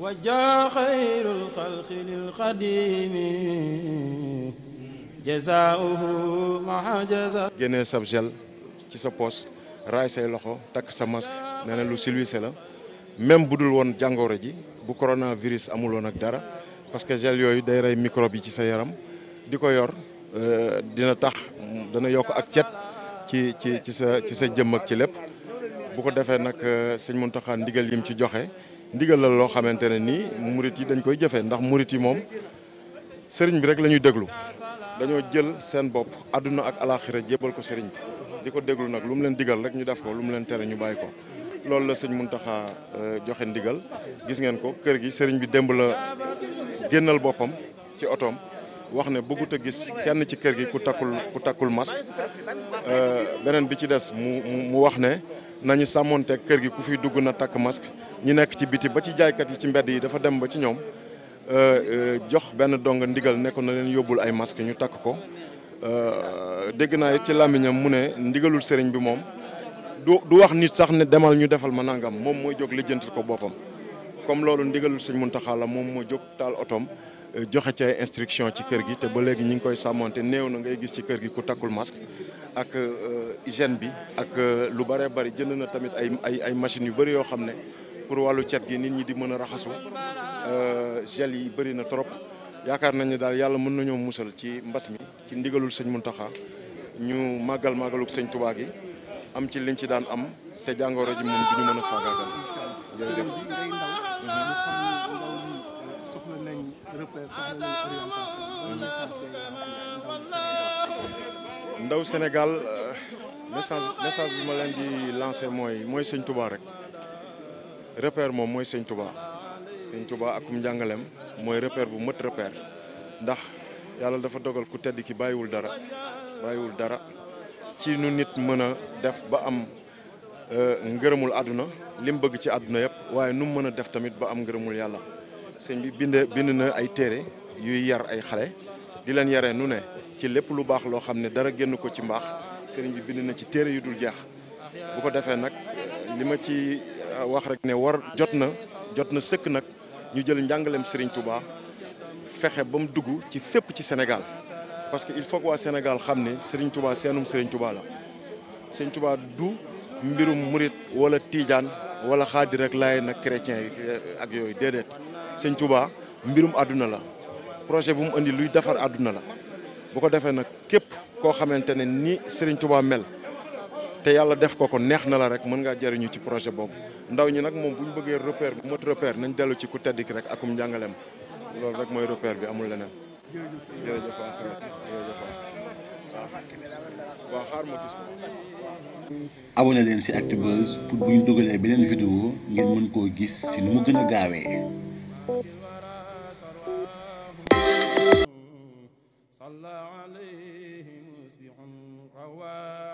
وجا خير الخلق للقديم جزاؤه مع جزاء génne sa gel ci sa pos raay say loxo takk sa masque nee na lu silwise la même bu dul woon jàngooro ji bu coronavirus amuloon ak dara parce que gel yooyu day rey microbe yi ci sa yaram di ko yor euh, dina tax dana yokk ak cet ci ci ci sa ci sa jëmm ci lépp bu ko defee nag euh, sëñ Mountakha ndigal yim ci joxe ndigal loo xamante ne nii murit yi dañ koy jëfee ndax murit yi moom sëriñ bi rek la ñuy déglu dañoo jël seen bopp àdduna ak alaxira jébbal ko sëriñ bi di ko déglu nag lu mu leen digal rek ñu def ko lu mu leen tere ñu bàyyi ko loolu la sëñ Muntaxa euh, joxe ndigal gis ngeen ko kër gi sëriñ bi démb la génnal boppam ci otoom wax ne bëggut a gis kenn ci kër gi ku takkul ku takkul masque euh, beneen bi ci des mu mu wax ne nañu sàmmoonteeg kër gi ku fiy dugg na takk masque ñu nekk ci biti ba ci jaaykat yi ci mbedd yi dafa dem ba ci ñoom euh, euh, jox benn dong ndigal ne na leen yóbbul ay masque ñu takk ko euh, dégg naa it ci làmmiñam mu ne ndigalul sëriñ bi moom du du wax nit sax ne demal ñu defal ma nangam moom mooy jóg lijjantil ko boppam comme loolu ndigalul sëriñ Muntaxa la moom mooy jóg taal otoom joxe ci ay ci kër gi te ba léegi ñi ngi koy sàmmonte néew na ngay gis ci kër gi ku takkul masque ak hygiène bi ak lu bare bëri jënd na tamit ay ay ay machines yu bëri yoo xam ne pour wàllu ceeb gi nit ñi di mën a raxasu euh, gel yi bëri na trop yaakaar nañ ne daal yàlla mën nañoo musal ci mbas mi ci ndigalul sëñ Muntaxa ñu màggal màggaluk sëñ Tuubaa gi am ci liñ ci daan am te a ji moom du ñu mën a faagaagal jërëjëf ndaw Sénégal euh, message message bi ma leen di lancé mooy mooy sëñ Tuubaa rek repère moom mooy sëñ Touba sëñ Touba akum njàngaleem mooy repère bu mët repère ndax yàlla dafa dogal ku tedd ki bàyyiwul dara bàyyiwul dara ci nu nit mën a def ba am euh, ngërëmul àdduna lim bëgg ci àdduna yëpp waaye nu mu mën a def tamit ba am ngërëmul yàlla sëñ bi bind bind na ay téere yuy yar ay xale di leen yaree nu ne ci lépp lu baax loo xam ne dara génn ko ci mbaax sëriñ bi bind na ci téere yu dul jeex bu ko defee nag li ma ci Euh, wax rek ne war jot na jot na sëkk nag ñu jël njàngaleem Serigne Touba fexe ba mu dugg ci fépp ci Sénégal parce que il faut que waa Sénégal xam ne Serigne Touba seenum Serigne Touba la Serigne Touba du mbirum murit wala tiijaan wala xaadir rek laay nag chrétien euh, ak yooyu déedéet Serigne Touba mbirum àdduna la projet bu mu indi luy defar àdduna la bu ko defee nag képp koo xamante ne ni Serigne Touba mel. te yàlla def ko ko neex na la rek mën ngaa jariñu ci projet boobu ndaw ñi nag moom bu ñu bëggee repère bu mot repère nañ dellu ci ku tedd ki rek akum njàngaleem loolu rek mooy repère bi amul leneen. jërëjëf waaw xaar ma gis abonné leen si Actubuzz pour bu dugalee beneen vidéo ngeen mën koo gis si nu mu gën gaawee.